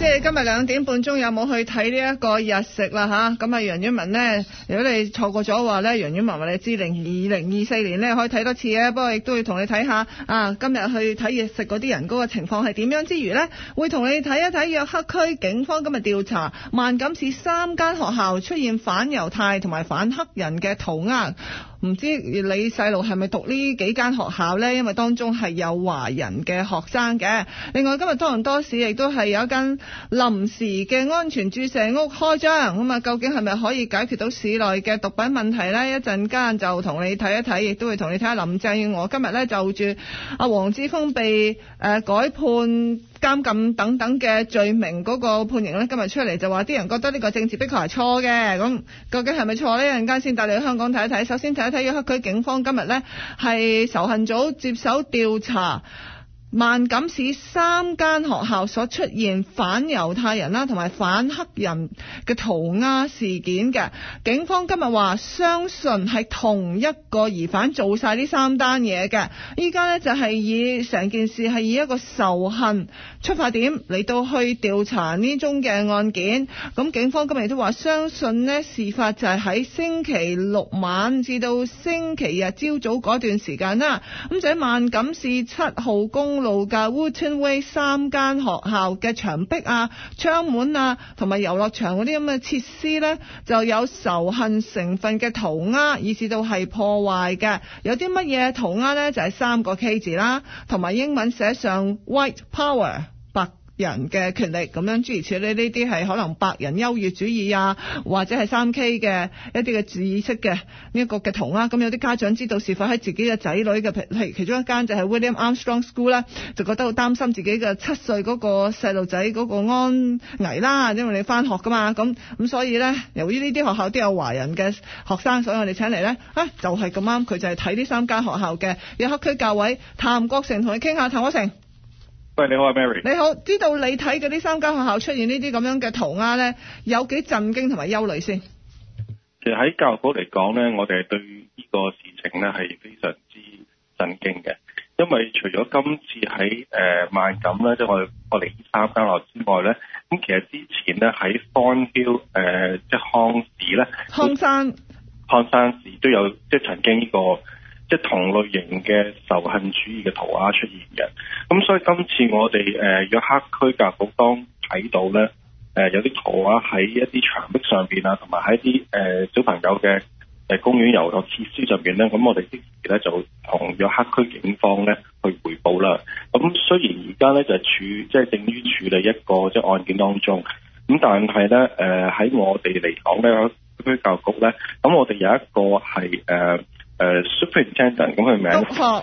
即係今日兩點半鐘有冇去睇呢一個日食啦嚇？咁啊楊婉文呢，如果你錯過咗話呢，楊婉文話你知，零二零二四年呢可以睇多次，不過亦都要同你睇下啊，今日去睇日食嗰啲人嗰個情況係點樣之餘呢，會同你睇一睇約克區警方今日調查萬錦市三間學校出現反猶太同埋反黑人嘅塗鴉。唔知你細路係咪讀呢幾間學校呢？因為當中係有華人嘅學生嘅。另外今日多倫多市亦都係有一間臨時嘅安全注射屋開張。咁啊，究竟係咪可以解決到市內嘅毒品問題呢？一陣間就同你睇一睇，亦都會同你睇下林鄭。我今日呢，就住阿黃之鋒被誒改判。監禁等等嘅罪名嗰、嗰個判刑呢，今日出嚟就話啲人覺得呢個政治迫害係錯嘅，咁究竟係咪錯呢？一陣間先帶你去香港睇一睇，首先睇一睇黑區警方今日呢係仇恨組接手調查。萬錦市三間學校所出現反猶太人啦，同埋反黑人嘅塗鴉事件嘅，警方今日話相信係同一個疑犯做晒呢三單嘢嘅。依家呢就係以成件事係以，以一個仇恨出發點嚟到去調查呢宗嘅案件。咁警方今日亦都話相信呢，事發就係喺星期六晚至到星期日朝早嗰段時間啦。咁就喺萬錦市七號公。路噶 Wooden Way 三間學校嘅牆壁啊、窗門啊同埋遊樂場嗰啲咁嘅設施呢，就有仇恨成分嘅塗鴉，以至到係破壞嘅。有啲乜嘢塗鴉呢？就係、是、三個 K 字啦，同埋英文寫上 White Power。人嘅權力咁樣，諸如此類呢啲係可能白人優越主義啊，或者係三 K 嘅一啲嘅紫色嘅呢一個嘅圖啦。咁有啲家長知道是否喺自己嘅仔女嘅譬如其中一間就係 William Armstrong School 啦，就覺得好擔心自己嘅七歲嗰個細路仔嗰個安危啦，因為你返學㗎嘛。咁咁所以咧，由於呢啲學校都有華人嘅學生，所以我哋請嚟咧，啊就係咁啱，佢就係睇呢三間學校嘅約克區教委譚國成同佢傾下，譚國成。喂，你好，Mary。你好，知道你睇嗰啲三間學校出現這些這呢啲咁樣嘅塗鴉咧，有幾震驚同埋憂慮先？其實喺教育局嚟講咧，我哋對呢個事情咧係非常之震驚嘅，因為除咗今次喺誒萬錦咧，即係我我哋呢三間學校之外咧，咁其實之前咧喺康橋誒即係康市咧，康山，康山市都有即係曾經呢個即係同類型嘅仇恨主義嘅塗鴉出現。因為今次我哋誒約克區教育局當睇到咧，誒有啲圖啊喺一啲牆壁上邊啊，同埋喺一啲誒小朋友嘅誒公園遊樂設施上邊咧，咁我哋即時咧就同約克區警方咧去彙報啦。咁雖然而家咧就處即係正於處理一個即係案件當中，咁但係咧誒喺我哋嚟講咧，區教育局咧，咁我哋有一個係誒誒 superintendent 咁嘅名，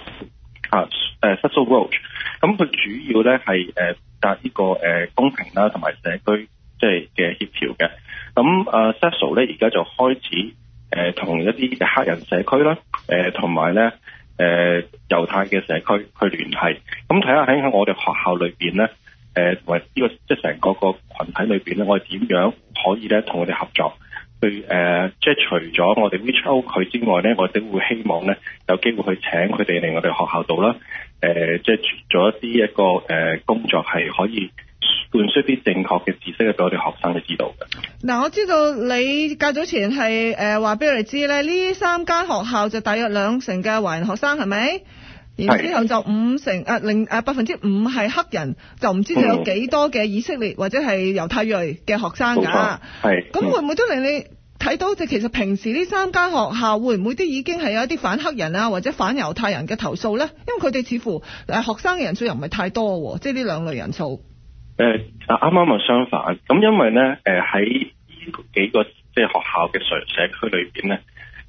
啊誒 Susie Walsh 咁佢主要咧係誒達呢個誒公平啦，同埋社區即係嘅協調嘅。咁誒 Cecil 咧而家就開始誒同一啲嘅黑人社區啦，誒同埋咧誒猶太嘅社區去聯繫。咁睇下喺我哋學校裏面咧，誒同埋呢個即係成個個群體裏面咧，我哋點樣可以咧同佢哋合作去誒、呃，即係除咗我哋 reach out 佢之外咧，我哋都會希望咧有機會去請佢哋嚟我哋學校度啦。誒，即係、呃就是、做一啲一個誒、呃、工作，係可以灌輸啲正確嘅知識嘅俾我哋學生去知道嘅。嗱、嗯，我知道你較早前係誒話俾我哋知咧，呢三間學校就大約兩成嘅華人學生係咪？然後之後就五成是啊零啊百分之五係黑人，就唔知道有幾多嘅以色列或者係猶太裔嘅學生噶。係、嗯，咁、啊、會唔會都令你？嗯睇到即其實平時呢三間學校會唔會啲已經係有一啲反黑人啊或者反猶太人嘅投訴咧？因為佢哋似乎誒學生嘅人數又唔係太多，即係呢兩類人數。誒、呃，啊啱啱又相反，咁因為咧誒喺呢幾個即係學校嘅常社區裏邊咧，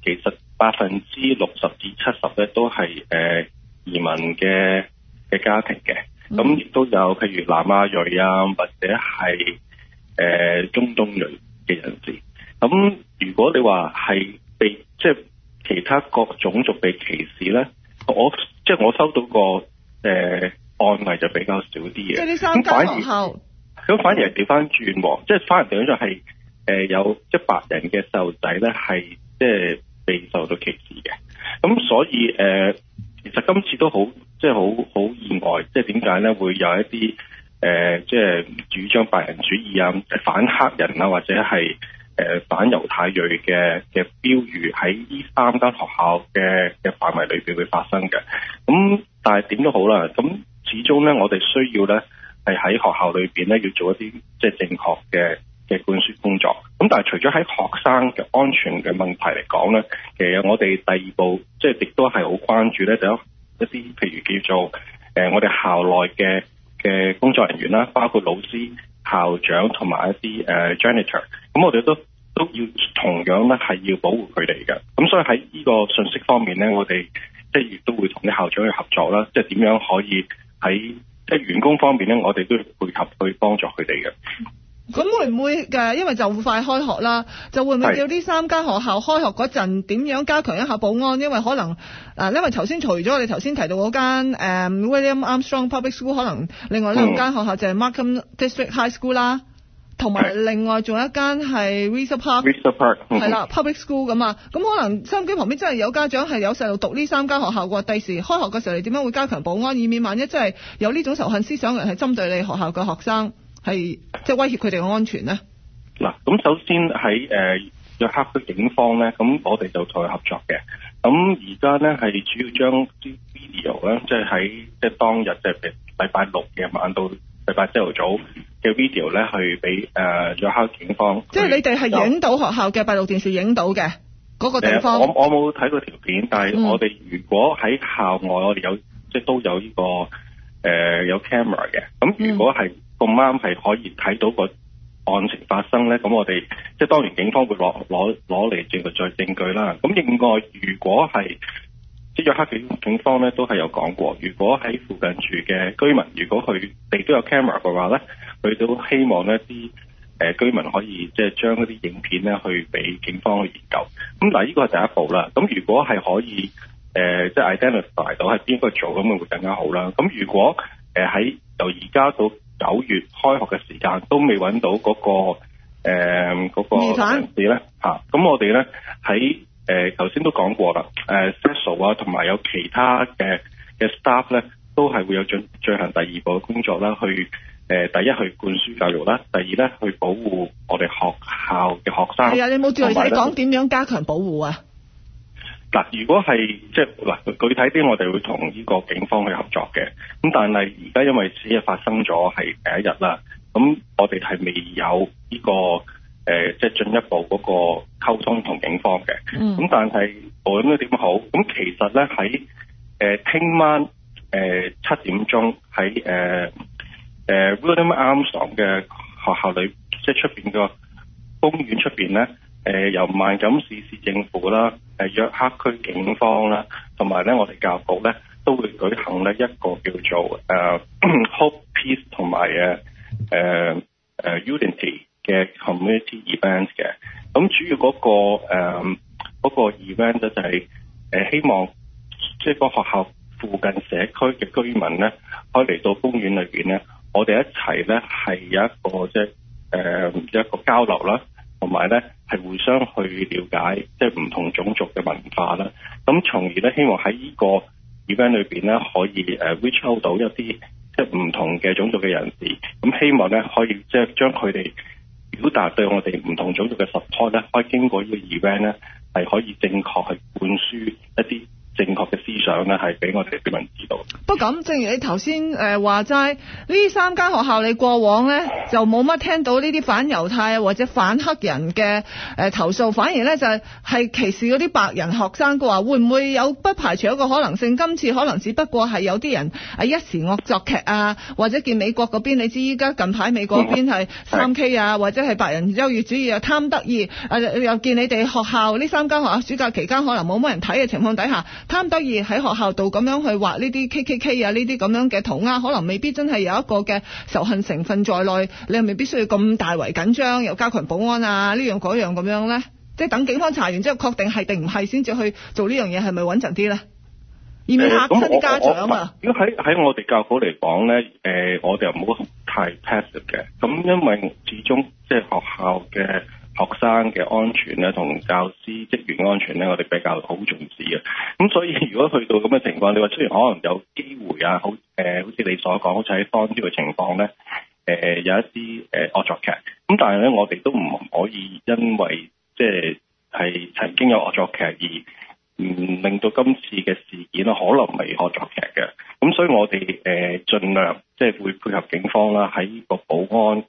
其實百分之六十至七十咧都係誒移民嘅嘅家庭嘅，咁亦都有譬如南亞裔啊或者係誒中東裔嘅人士。咁、嗯、如果你話係被即係其他各種族被歧視咧，我即係我收到個誒、呃、案例就比較少啲嘅。咁反而，咁、嗯、反而係調翻轉喎，即係反而變咗係誒有白人嘅細路仔咧係即係被受到歧視嘅。咁、嗯、所以誒、呃，其實今次都好即係好好意外，即係點解咧會有一啲誒、呃、即係主張白人主義啊、反黑人啊或者係，誒反猶太裔嘅嘅標語喺呢三間學校嘅嘅範圍裏邊會發生嘅，咁但係點都好啦，咁始終咧我哋需要咧係喺學校裏邊咧要做一啲即係正確嘅嘅灌輸工作，咁但係除咗喺學生嘅安全嘅問題嚟講咧，其實我哋第二步即係亦都係好關注咧，就一一啲譬如叫做誒我哋校內嘅嘅工作人員啦，包括老師、校長同埋一啲誒、uh, janitor，咁我哋都。都要同樣咧係要保護佢哋嘅，咁所以喺呢個信息方面咧，我哋即係亦都會同啲校長去合作啦，即係點樣可以喺即員工方面咧，我哋都配合去幫助佢哋嘅。咁會唔會嘅？因為就快開學啦，就會唔會叫呢三間學校開學嗰陣點樣加強一下保安？因為可能，因為頭先除咗我哋頭先提到嗰間、um, William Armstrong Public School，可能另外兩間學校就係 Markham District High School 啦。同埋另外仲有一間係 Reservoir Park，Reservoir Park，係啦了、mm hmm. Public School 咁啊，咁可能收音機旁邊真係有家長係有細路讀呢三間學校喎。第時開學嘅時候，你點樣會加強保安，以免萬一真係有呢種仇恨思想嘅人係針對你學校嘅學生，係即係威脅佢哋嘅安全呢？嗱，咁首先喺誒約克嘅警方咧，咁我哋就同佢合作嘅。咁而家咧係主要將啲 video 咧，即係喺即係當日即係禮拜六嘅晚到。禮拜朝頭早嘅 video 咧，去俾誒約克警方。即係你哋係影到學校嘅閉路電視的，影到嘅嗰個地方。我我冇睇過條片，但係我哋如果喺校外我，我哋有即係都有呢個誒、呃、有 camera 嘅。咁如果係咁啱係可以睇到個案情發生咧，咁我哋即係當然警方會攞攞攞嚟作為作證據啦。咁另外，如果係呢約克警警方咧都係有講過，如果喺附近住嘅居民，如果佢哋都有 camera 嘅話咧，佢都希望咧啲誒居民可以即係將嗰啲影片咧去俾警方去研究。咁、嗯、嗱，呢個係第一步啦。咁如果係可以誒、呃，即係 identify 到係邊個做，咁咪會更加好啦。咁如果誒喺、呃、由而家到九月開學嘅時間都未揾到嗰、那個誒嗰、呃那個人士咧，嚇咁白、啊、我哋咧喺。誒頭先都講過啦，誒 social 啊，同埋 有其他嘅嘅 staff 咧，都係會有進進行第二步嘅工作啦，去誒、呃、第一去灌輸教育啦，第二咧去保護我哋學校嘅學生。係啊，你有冇具體講點樣加強保護啊？嗱， 如果係即係嗱，具體啲我哋會同呢個警方去合作嘅。咁但係而家因為此嘢發生咗係第一日啦，咁我哋係未有呢、這個。誒，即係進一步嗰個溝通同警方嘅。咁、嗯、但係我諗咧點好？咁其實咧喺誒聽晚誒七點鐘，喺誒誒 William Armstrong 嘅學校裏，即係出邊個公園出邊咧？誒由萬錦市市政府啦，誒約克區警方啦，同埋咧我哋教育局咧都會舉行咧一個叫做誒、啊、 Hope Peace 同埋誒誒誒 Unity。嘅 community event 嘅，咁主要嗰個誒嗰個 event 咧就係誒希望即係個學校附近社區嘅居民咧，可以嚟到公園裏邊咧，我哋一齊咧係有一個即係誒一個交流啦，同埋咧係互相去了解即係唔同種族嘅文化啦。咁從而咧希望喺呢個 event 裏邊咧，可以誒 reach out 到一啲即係唔同嘅種族嘅人士。咁希望咧可以即係將佢哋。就是表達對我哋唔同組別嘅 support 咧，開經過呢個 event 咧，係可以正確去灌輸一啲。正確嘅思想呢，係俾我哋市民知道。不過咁，正如你頭先話齋，呢三間學校你過往呢，就冇乜聽到呢啲反猶太啊或者反黑人嘅投訴，反而呢，就係係歧視嗰啲白人學生嘅話，會唔會有不排除一個可能性？今次可能只不過係有啲人啊一時惡作劇啊，或者見美國嗰邊，你知依家近排美國嗰邊係三 K 啊，的或者係白人優越主義啊，貪得意啊，又見你哋學校呢三間學校暑假期間可能冇乜人睇嘅情況底下。貪得意喺學校度咁樣去畫呢啲 K K K 啊，呢啲咁樣嘅圖呀，可能未必真係有一個嘅仇恨成分在內，你又未必需要咁大為緊張，又加強保安啊，樣樣樣呢樣嗰樣咁樣咧，即係等警方查完之後確是是是，確定係定唔係先至去做是是呢樣嘢，係咪穩陣啲咧？以免吓親啲家長啊！如果喺喺我哋教府嚟講咧，誒，我哋又唔好太 passive 嘅，咁因為始終即係學校嘅。學生嘅安全咧，同教師職員安全咧，我哋比較好重視嘅。咁所以，如果去到咁嘅情況，你話雖然可能有機會啊，好誒、呃，好似你所講，好似喺當朝嘅情況咧，誒、呃、有一啲誒、呃、惡作劇。咁但係咧，我哋都唔可以因為即係係曾經有惡作劇而唔令到今次嘅事件啊，可能係惡作劇嘅。咁所以我哋誒、呃、盡量即係、就是、會配合警方啦，喺呢個保安。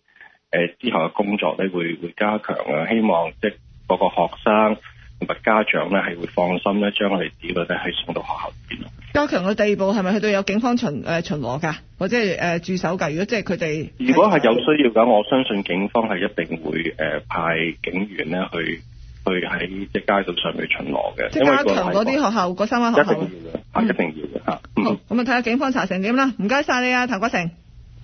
誒，之後嘅工作咧，會會加強啊，希望即係個學生同埋家長咧係會放心咧，將我哋子女咧係送到學校邊。加強嘅第二步係咪去到有警方巡誒巡邏噶，或者係誒駐守噶？如果即係佢哋，如果係有需要嘅，我相信警方係一定會誒、呃、派警員咧，去去喺即係街道上去巡邏嘅。即加強嗰啲學校，嗰三間學校，一定要嘅，係一定要嘅。好，咁啊睇下警方查成點啦。唔該晒你啊，譚國成。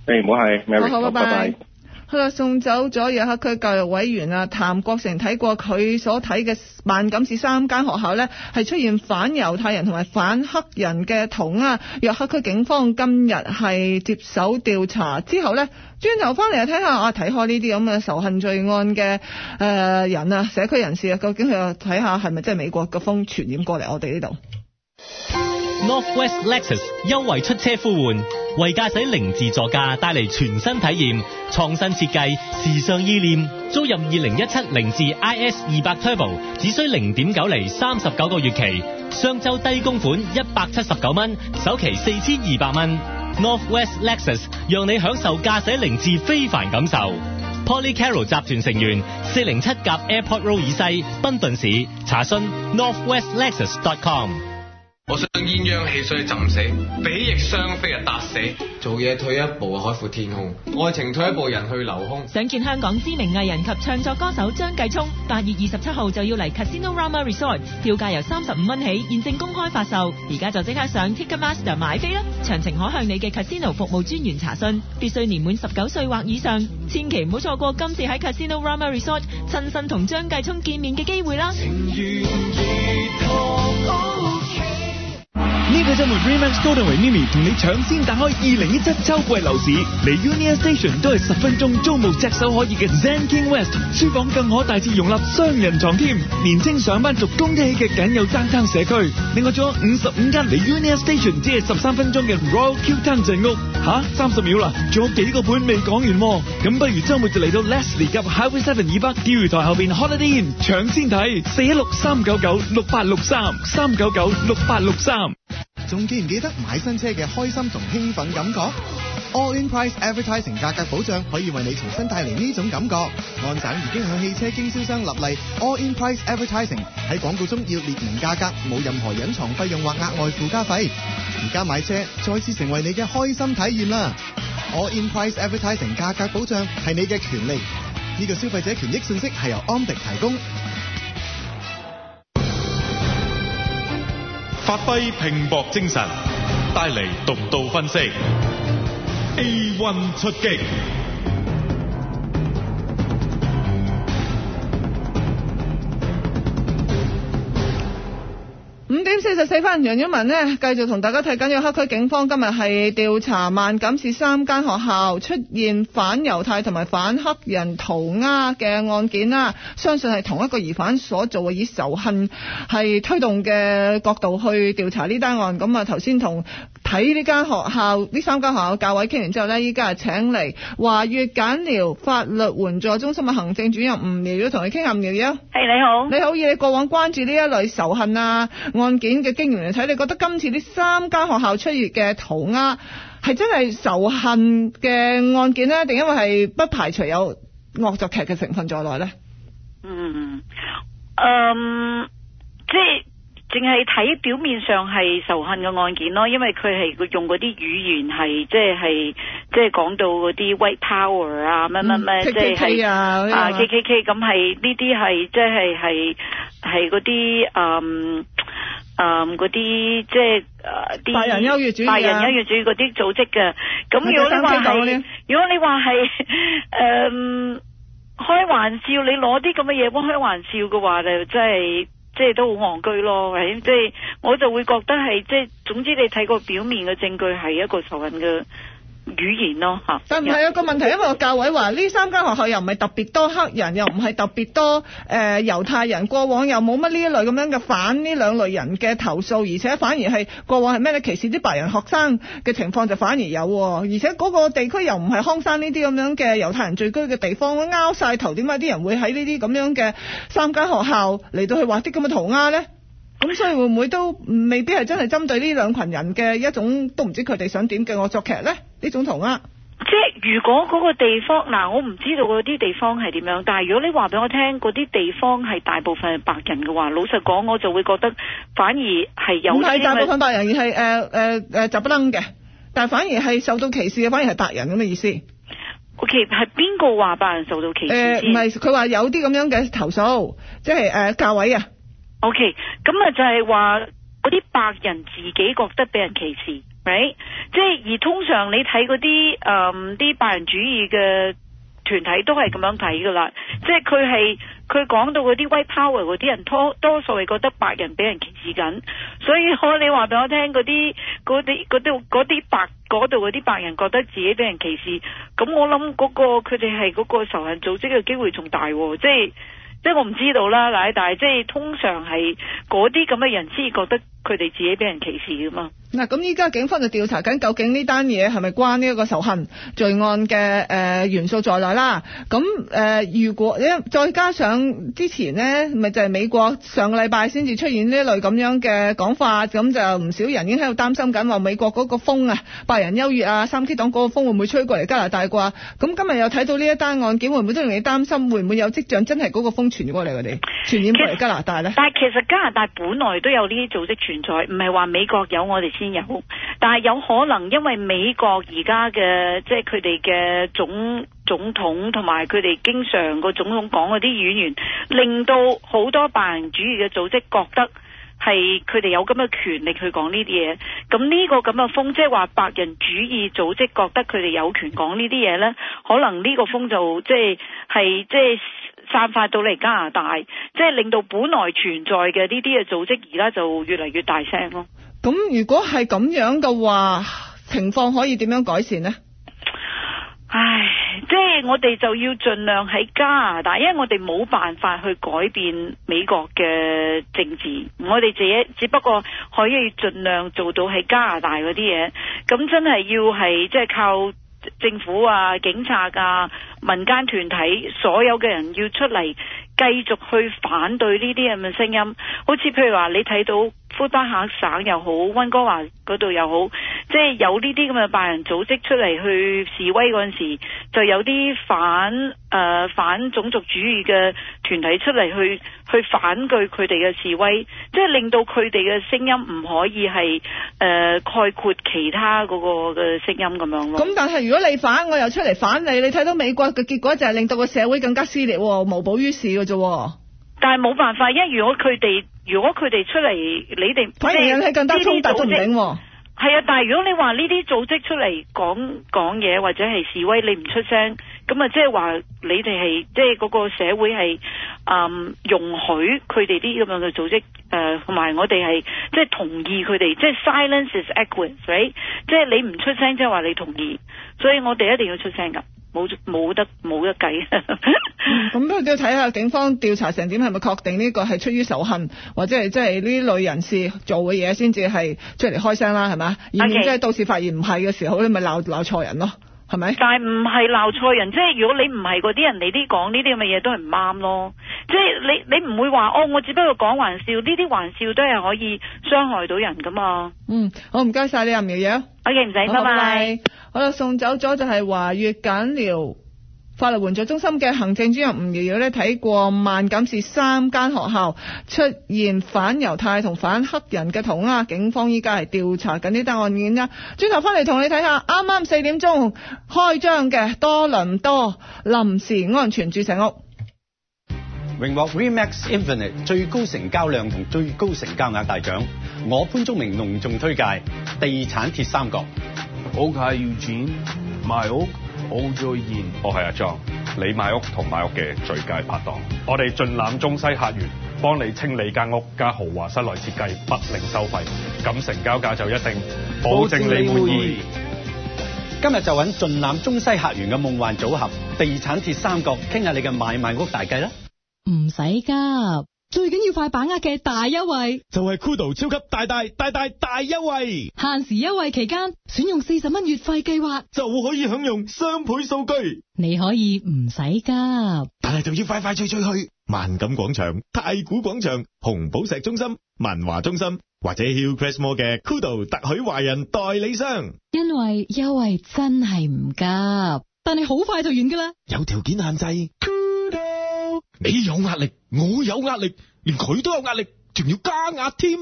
誒，唔好係，Mary, 好好，拜拜。Bye bye bye bye 佢話送走咗約克區教育委員啊，譚國成睇過佢所睇嘅萬錦市三間學校咧，係出現反猶太人同埋反黑人嘅桶。啊。約克區警方今日係接手調查之後咧，轉頭翻嚟啊，睇下啊，睇開呢啲咁嘅仇恨罪案嘅誒人啊，社區人士啊，究竟佢又睇下係咪即係美國嘅風傳染過嚟我哋呢度？Northwest Lexus 優惠出車呼喚為駕駛凌志座駕帶嚟全新體驗，創新設計、時尚意念，租入二零一七凌志 IS 二百 Turbo 只需零點九厘，三十九個月期，上周低供款一百七十九蚊，首期四千二百蚊。Northwest Lexus 讓你享受駕駛凌志非凡感受。Poly Carroll 集團成員，四零七甲 Airport Road 以西，賓頓市，查詢 NorthwestLexus.com。Northwest 我想讓鴛鴦戲水浸死，比翼雙飛啊搭死。做嘢退一步，海闊天空；愛情退一步，人去樓空。想見香港知名藝人及唱作歌手張繼聰，八月二十七號就要嚟 Casino Rama Resort，票價由三十五蚊起，現正公開發售。而家就即刻上 Ticketmaster 買飛啦！詳情可向你嘅 Casino 服務專員查詢。必須年滿十九歲或以上，千祈唔好錯過今次喺 Casino Rama Resort 親身同張繼聰見面嘅機會啦！情如呢周末 Remax Golden 為 Mimi 同你搶先打開二零一七秋季樓市，嚟 Union Station 都係十分鐘，租冇只手可以嘅 Zen King West 書房更可大致容納雙人床添。年青上班族供得起嘅僅有爭灘社區，另外仲有五十五間，嚟 Union Station 只係十三分鐘嘅 Royal Q Town 鎮屋吓，三十秒啦，仲有幾個盤未講完，咁不如周末就嚟到 Leslie 及 Highway Seven 以北釣魚台後邊 Holiday Inn 搶先睇四一六三九九六八六三三九九六八六三。仲記唔記得買新車嘅開心同興奮感覺？All in Price Advertising 價格保障可以為你重新帶嚟呢種感覺。安省已經向汽車經銷商立例，All in Price Advertising 喺廣告中要列明價格，冇任何隱藏費用或額外附加費。而家買車再次成為你嘅開心體驗啦！All in Price Advertising 價格保障係你嘅權利，呢個消費者權益信息係由安迪提供。發揮拼搏精神，帶嚟獨到分析。A1 出擊。四十四分，楊婉文呢，繼續同大家睇緊，有黑區警方今日係調查萬錦市三間學校出現反猶太同埋反黑人塗鴉嘅案件啦，相信係同一個疑犯所做嘅，以仇恨係推動嘅角度去調查呢單案。咁啊，頭先同。睇呢間學校，呢三間學校教委傾完之後呢，依家係請嚟華越簡寮法律援助中心嘅行政主任楊苗，要同你傾下嘢啊！係、hey, 你好，你好。以你過往關注呢一類仇恨啊案件嘅經驗嚟睇，你覺得今次呢三間學校出現嘅塗鴉係真係仇恨嘅案件呢？定因為係不排除有惡作劇嘅成分在內呢？嗯，嗯，即係。淨係睇表面上係仇恨嘅案件咯，因為佢係用嗰啲語言係即係即係講到嗰啲 white power 什麼什麼、嗯、啊，乜乜乜，即係 KK, 啊 KK,、就是嗯嗯、啊 K K K，咁係呢啲係即係係係嗰啲誒誒嗰啲即係誒白人優越主義、啊、白人優越主義嗰啲組織嘅。咁如果你話如果你話係誒開玩笑，你攞啲咁嘅嘢開玩笑嘅話就即、是、係。即係都好戇居咯，或者即係我就會覺得係即係，總之你睇過表面嘅證據係一個仇恨嘅語言咯、哦、吓，但唔係啊，個問題，因為個教委話呢三間學校又唔係特別多黑人，又唔係特別多誒、呃、猶太人，過往又冇乜呢一類咁樣嘅反呢兩類人嘅投訴，而且反而係過往係咩咧歧視啲白人學生嘅情況就反而有，而且嗰個地區又唔係康山呢啲咁樣嘅猶太人聚居嘅地方，拗晒頭，點解啲人會喺呢啲咁樣嘅三間學校嚟到去畫啲咁嘅塗鴉咧？咁所以會唔會都未必係真係針對呢兩群人嘅一種，都唔知佢哋想點嘅惡作劇咧？呢種塗鴉，即係如果嗰個地方，嗱我唔知道嗰啲地方係點樣，但係如果你話俾我聽嗰啲地方係大部分係白人嘅話，老實講我就會覺得反而係有唔係大部分白人，而係誒誒誒雜不楞嘅，但係反而係受到歧視嘅，反而係白人咁嘅意思。O K，係邊個話白人受到歧視？誒唔係，佢話有啲咁樣嘅投訴，即係誒教委啊。OK，咁啊就係話嗰啲白人自己覺得俾人歧視，right？即係而通常你睇嗰啲誒啲白人主義嘅團體都係咁樣睇噶啦，即係佢係佢講到嗰啲 white power 嗰啲人多多，多數係覺得白人俾人歧視緊，所以可你話俾我聽嗰啲嗰啲嗰啲啲白嗰度嗰啲白人覺得自己俾人歧視，咁我諗嗰、嗰個佢哋係嗰個仇恨組織嘅機會仲大，即係。即係我唔知道啦，嗱，但係即係通常係嗰啲咁嘅人先至覺得。佢哋自己俾人歧視噶嘛？嗱，咁依家警方就調查緊，究竟呢單嘢係咪關呢一個仇恨罪案嘅誒元素在內啦？咁誒、呃，如果再加上之前呢，咪就係、是、美國上個禮拜先至出現呢類咁樣嘅講法，咁就唔少人已經喺度擔心緊，話美國嗰個風啊，白人優越啊，三 K 黨嗰個風會唔會吹過嚟加拿大啩？咁今日又睇到呢一單案件，會唔會都令你擔心？會唔會有跡象真係嗰個風傳過嚟我哋？傳染過嚟加拿大呢？但係其實加拿大本來都有呢啲組織傳。唔係話美國有我哋先有，但係有可能因為美國而家嘅，即係佢哋嘅總總統同埋佢哋經常個總統講嗰啲語言，令到好多白人主義嘅組織覺得係佢哋有咁嘅權力去講呢啲嘢。咁呢個咁嘅風，即係話白人主義組織覺得佢哋有權講呢啲嘢呢，可能呢個風就即係係即係。就是散發到嚟加拿大，即係令到本來存在嘅呢啲嘅組織，而家就越嚟越大聲咯。咁如果係咁樣嘅話，情況可以點樣改善呢？唉，即係我哋就要盡量喺加拿大，因為我哋冇辦法去改變美國嘅政治，我哋自己只不過可以盡量做到喺加拿大嗰啲嘢。咁真係要係即係靠。政府啊、警察啊、民間團體，所有嘅人要出嚟繼續去反對呢啲咁嘅聲音，好似譬如話你睇到，魁北克省又好，溫哥華嗰度又好，即係有呢啲咁嘅白人組織出嚟去示威嗰陣時，就有啲反誒、呃、反種族主義嘅團體出嚟去去反對佢哋嘅示威，即係令到佢哋嘅聲音唔可以係誒、呃、概括其他嗰個嘅聲音咁樣咯。咁但係如果你反，我又出嚟反你，你睇到美國嘅結果就係令到個社會更加撕裂，無補於事嘅啫。但係冇辦法，因為如果佢哋如果佢哋出嚟，你哋，我哋呢更加壯大組織，係啊。是但係如果你話呢啲組織出嚟講講嘢或者係示威，你唔出聲，咁啊，即係話你哋係即係嗰個社會係、嗯、容許佢哋啲咁樣嘅組織誒，同、呃、埋我哋係即係同意佢哋，即、就、係、是、silence is acquiesce 即係你唔出聲即係話你同意，所以我哋一定要出聲噶。冇冇得冇得計，咁 都要睇下警方調查成點，係咪確定呢個係出於仇恨，或者係即係呢類人士做嘅嘢，先至係出嚟開聲啦，係咪啊？以免即係到時發現唔係嘅時候，你咪鬧鬧錯人咯。係咪？是但係，唔係鬧錯人，即係如果你唔係嗰啲人，你啲講呢啲咁嘅嘢都係唔啱咯。即係你你唔會話哦，我只不過講玩笑，呢啲玩笑都係可以傷害到人噶嘛。嗯，好，唔該晒你阿苗苗，OK，唔使，拜拜，okay,。好啦 bye，送走咗就係華月簡聊。法律援助中心嘅行政主任吳瑤瑤咧睇過萬錦市三間學校出現反猶太同反黑人嘅塗鴉啊，警方依家係調查緊呢單案件啊，轉頭翻嚟同你睇下，啱啱四點鐘開張嘅多倫多臨時安全住成屋，榮獲 REMAX Infinite 最高成交量同最高成交額大獎，我潘竹明隆重推介地產鐵三角，好價要轉賣屋。好，再現，我係阿莊，你買屋同賣屋嘅最佳拍檔。我哋盡攬中西客源，幫你清理間屋加豪華室內設計，不另收費，咁成交價就一定保證你滿意。今日就揾盡攬中西客源嘅夢幻組合，地產鐵三角傾下你嘅買賣,賣屋大計啦。唔使急。最緊要快把握嘅大優惠，就係 Kudo 超級大大大大大優惠。限時優惠期間，選用四十蚊月費計劃，就可以享用雙倍數據。你可以唔使急，但係就要快快脆脆去萬錦廣場、太古廣場、紅寶石中心、文華中心或者 Hillcrest Mall 嘅 Kudo 特許華人代理商。因為優惠真係唔急，但係好快就完噶啦。有條件限制，Kudo，你有壓力。我有壓力，連佢都有壓力，仲要加壓添。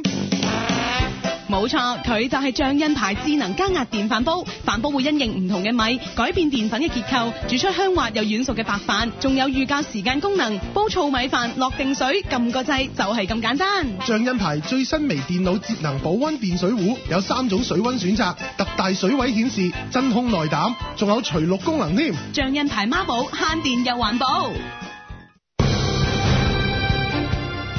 冇錯，佢就係象印牌智能加壓電飯煲，飯煲會因應唔同嘅米改變澱粉嘅結構，煮出香滑又軟熟嘅白飯。仲有預教時間功能，煲醋米飯落定水，撳個掣就係、是、咁簡單。象印牌最新微電腦節能保溫電水壺，有三種水溫選擇，特大水位顯示，真空內膽，仲有除氯功能添。象印牌孖寶慳電又環保。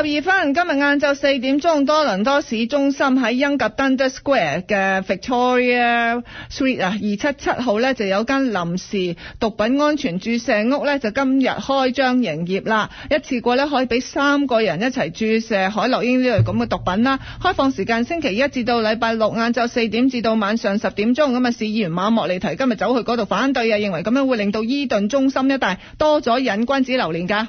十二分，今日晏晝四點鐘，多倫多市中心喺英格登德 Square 嘅 Victoria Street 啊，二七七號呢就有間臨時毒品安全注射屋呢，就今日開張營業啦。一次過呢，可以俾三個人一齊注射海洛因呢類咁嘅毒品啦。開放時間星期一至到禮拜六晏晝四點至到晚上十點鐘。咁啊，市議員馬莫尼提今日走去嗰度反對啊，認為咁樣會令到伊頓中心一帶多咗癮君子流連噶。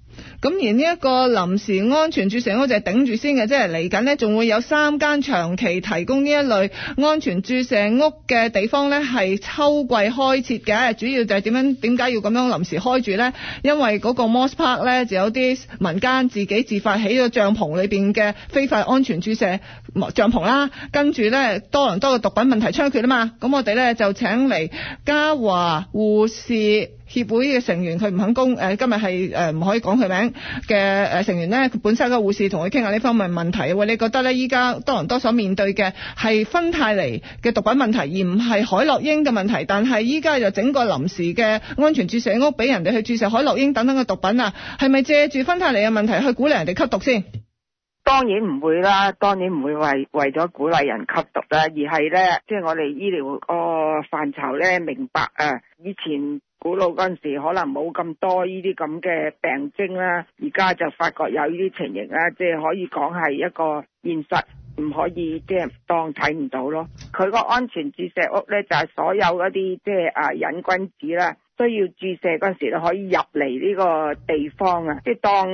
咁而呢一個臨時安全注射屋就係頂住先嘅，即係嚟緊呢仲會有三間長期提供呢一類安全注射屋嘅地方呢係秋季開設嘅。主要就係點解要咁樣臨時開住呢？因為嗰個 Moss Park 呢就有啲民間自己自發起咗帳篷裏面嘅非法安全注射帳篷啦。跟住呢，多倫多嘅毒品問題猖獗啊嘛，咁我哋呢就請嚟嘉華護士。協會嘅成員佢唔肯供，誒今日係誒唔可以講佢名嘅誒成員咧，佢本身一個護士同佢傾下呢方面問題。喂，你覺得咧？依家多倫多所面對嘅係芬太尼嘅毒品問題，而唔係海洛英嘅問題。但係依家就整個臨時嘅安全注射屋俾人哋去注射海洛英等等嘅毒品啊？係咪借住芬太尼嘅問題去鼓勵人哋吸毒先？當然唔會啦，當然唔會為為咗鼓勵人吸毒啦，而係咧，即係我哋醫療個範疇咧，明白啊？以前。古老嗰陣時可能冇咁多呢啲咁嘅病徵啦，而家就發覺有呢啲情形啦，即、就、係、是、可以講係一個現實，唔可以即係、就是、當睇唔到咯。佢個安全注射屋咧，就係、是、所有嗰啲即係啊癮君子啦。需要注射嗰陣時，你可以入嚟呢個地方啊！即係當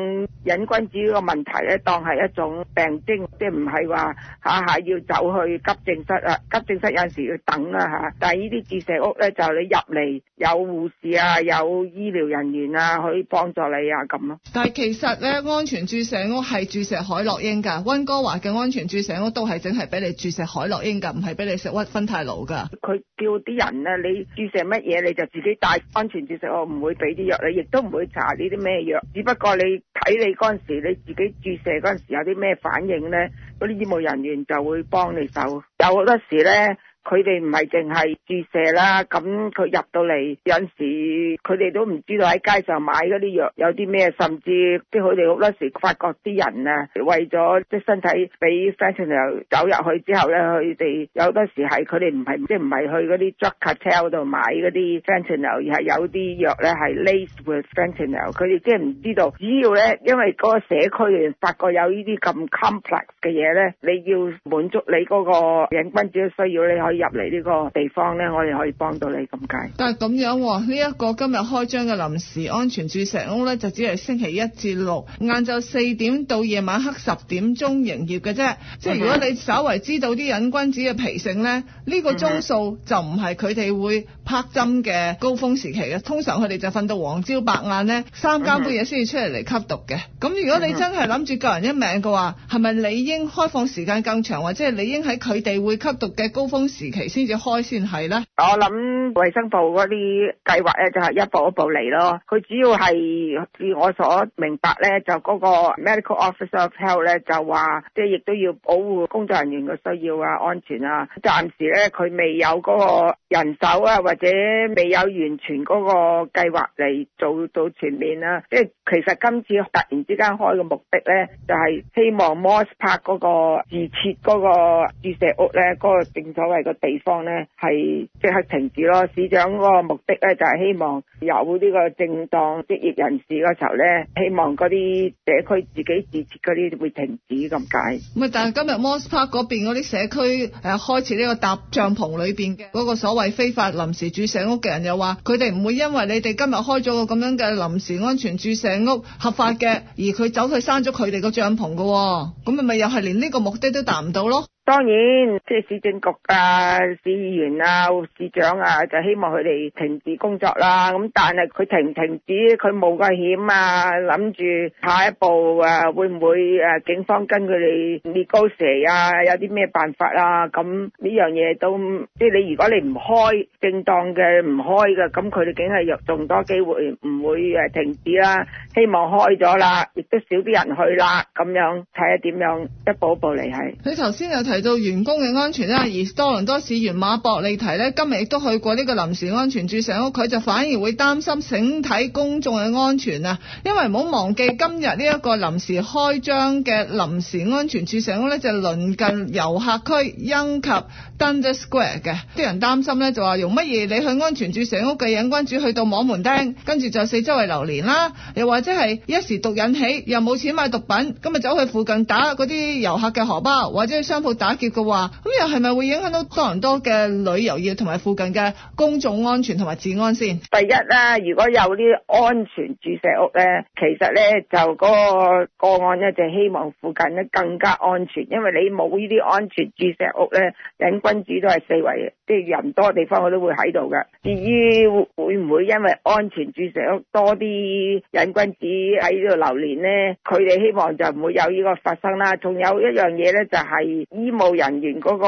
隱君子呢個問題咧，當係一種病徵，即係唔係話下下要走去急症室啊！急症室有陣時要等啊。嚇。但係呢啲注射屋咧，就你入嚟有護士啊，有醫療人員啊，可以幫助你啊咁咯。但係其實咧，安全注射屋係注射海洛因㗎。溫哥華嘅安全注射屋都係淨係俾你注射海洛因㗎，唔係俾你食屈芬太魯㗎。佢叫啲人咧，你注射乜嘢你就自己帶。安全注射我唔會俾啲藥你，亦都唔會查呢啲咩藥。只不過你睇你嗰陣時，你自己注射嗰陣時有啲咩反應咧，嗰啲醫務人員就會幫你手。有好多時咧。佢哋唔係淨係注射啦，咁佢入到嚟有陣時，佢哋都唔知道喺街上買嗰啲藥有啲咩，甚至即係佢哋好多時發覺啲人啊，為咗即係身體俾 fentanyl 走入去之後咧，佢哋有好多時係佢哋唔係即係唔係去嗰啲 drug cartel 度買嗰啲 fentanyl，而係有啲藥咧係 laced with fentanyl。佢哋即係唔知道，只要咧，因為嗰個社區員發覺有呢啲咁 complex 嘅嘢咧，你要滿足你嗰個癮君子嘅需要，你可以。入嚟呢個地方呢，我哋可以幫到你咁解。但係咁樣喎、哦，呢、這、一個今日開張嘅臨時安全注射屋呢，就只係星期一至六晏晝四點到夜晚黑十點鐘營業嘅啫。Mm hmm. 即係如果你稍為知道啲隱君子嘅脾性呢，呢、mm hmm. 個鐘數就唔係佢哋會拍針嘅高峰時期嘅，通常佢哋就瞓到黃朝白晏呢，三更半夜先至出嚟嚟吸毒嘅。咁、mm hmm. 如果你真係諗住救人一命嘅話，係咪理應開放時間更長，或者係理應喺佢哋會吸毒嘅高峰時期先至開先係咧，我諗衛生部嗰啲計劃咧就係、是、一步一步嚟咯。佢主要係以我所明白咧，就嗰個 medical officer of health 咧就話，即係亦都要保護工作人員嘅需要啊、安全啊。暫時咧佢未有嗰個人手啊，或者未有完全嗰個計劃嚟做到全面啦、啊。即係其實今次突然之間開嘅目的咧，就係、是、希望 Moss Park 嗰個自設嗰個注射屋咧，嗰、那個正所謂個。地方咧係即刻停止咯。市長嗰個目的咧就係希望有呢個正當職業人士嗰時候咧，希望嗰啲社區自己自設嗰啲會停止咁解。咁啊，但係今日摩斯 Park 嗰邊嗰啲社區誒，開始呢個搭帳篷裏邊嘅嗰個所謂非法臨時住社屋嘅人又話，佢哋唔會因為你哋今日開咗個咁樣嘅臨時安全住社屋合法嘅，而佢走去閂咗佢哋個帳篷噶喎。咁咪咪又係連呢個目的都達唔到咯？當然，即係市政局啊、市議員啊、市長啊，就希望佢哋停止工作啦。咁但係佢停唔停止，佢冒個險啊，諗住下一步啊，會唔會誒警方跟佢哋列高蛇啊，有啲咩辦法啊？咁呢樣嘢都即係你，如果你唔開正當嘅唔開嘅，咁佢哋梗係有眾多機會唔會誒停止啦？希望開咗啦，亦都少啲人去啦。咁樣睇下點樣一步一步嚟係。佢頭先有提。嚟到員工嘅安全啦，而多倫多市議員馬博利提呢，今日亦都去過呢個臨時安全住成屋，佢就反而會擔心整體公眾嘅安全啊！因為唔好忘記今日呢一個臨時開張嘅臨時安全住成屋呢，就鄰近遊客區，Yonge 及 Dundas Square 嘅，啲人擔心呢，就話用乜嘢？你去安全住成屋嘅癮君子去到摸門釘，跟住就四周圍流連啦，又或者係一時毒癮起，又冇錢買毒品，今日走去附近打嗰啲遊客嘅荷包，或者去商鋪打打劫嘅話。又係咪會影響到多倫多嘅旅遊業同埋附近嘅公眾安全同埋治安先？第一咧，如果有啲安全注射屋咧，其實咧就嗰個個案咧就是希望附近咧更加安全，因為你冇呢啲安全注射屋咧，隱君子都係四圍即係人多嘅地方，我都會喺度噶。至於會唔會因為安全注射屋多啲隱君子喺呢度流連咧，佢哋希望就唔會有呢個發生啦。仲有一樣嘢咧，就係醫務人員嗰個。個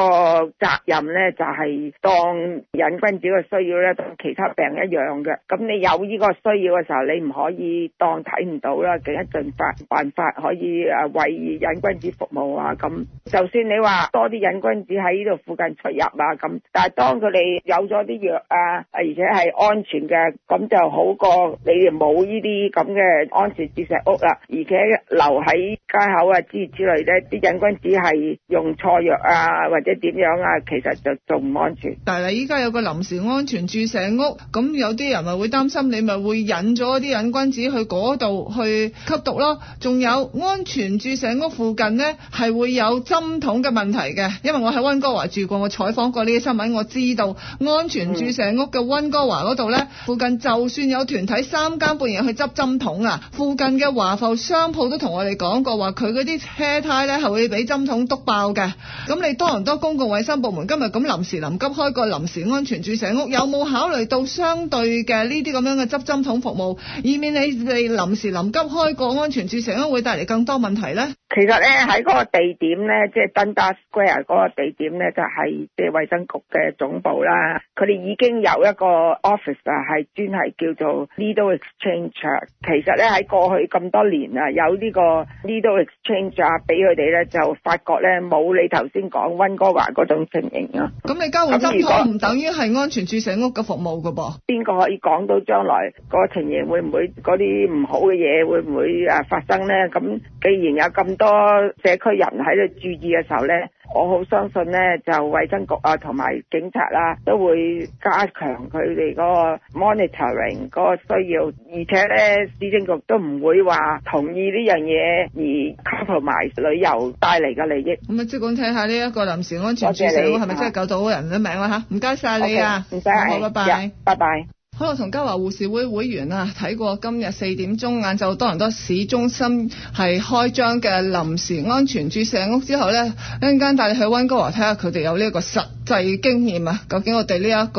責任呢，就係、是、當癮君子嘅需要呢，同其他病一樣嘅。咁你有呢個需要嘅時候，你唔可以當睇唔到啦，盡一盡法辦法可以誒為癮君子服務啊。咁就算你話多啲癮君子喺呢度附近出入啊，咁但係當佢哋有咗啲藥啊，而且係安全嘅，咁就好過你冇呢啲咁嘅安全注射屋啦、啊。而且留喺街口啊之之類咧，啲癮君子係用錯藥啊或者。你點樣啊？其實就仲唔安全？但係依家有個臨時安全注射屋，咁有啲人咪會擔心，你咪會引咗啲癮君子去嗰度去吸毒咯。仲有安全注射屋附近呢，係會有針筒嘅問題嘅。因為我喺溫哥華住過，我採訪過呢啲新聞，我知道安全注射屋嘅溫哥華嗰度呢，嗯、附近就算有團體三更半夜去執針筒啊，附近嘅華埠商鋪都同我哋講過話，佢嗰啲車胎呢係會俾針筒篤爆嘅。咁你多倫多？公共衛生部門今日咁臨時臨急開個臨時安全注射屋，有冇考慮到相對嘅呢啲咁樣嘅執針筒服務，以免你哋臨時臨急開個安全注射屋會帶嚟更多問題咧？其實咧喺嗰個地點咧，即係 Dundas Square 嗰個地點咧，就係即係衛生局嘅總部啦。佢哋已經有一個 office 啊，係專係叫做 needle exchange。其實咧喺過去咁多年啊，有呢個 needle exchange 俾佢哋咧，就發覺咧冇你頭先講溫哥華嗰種情形啊。咁你交換針筒唔等於係安全注射屋嘅服務噶噃？邊個可以講到將來嗰個情形會唔會嗰啲唔好嘅嘢會唔會啊發生咧？咁既然有咁多社區人喺度注意嘅時候咧，我好相信咧，就衞生局啊同埋警察啦、啊，都會加強佢哋嗰個 monitoring 嗰個需要，而且咧，市政局都唔會話同意呢樣嘢而 compromise 旅遊帶嚟嘅利益。咁啊，即管睇下呢一個臨時安全主席係咪真係救到好人嘅名啦嚇、啊？唔該晒你啊，唔使好，拜拜，拜拜、yeah。好啦，同嘉華護士會會員啊睇過今日四點鐘晏晝多倫多市中心係開張嘅臨時安全注射屋之後咧，一陣間帶你去温哥華睇下佢哋有呢一個實際經驗啊！究竟我哋呢一個？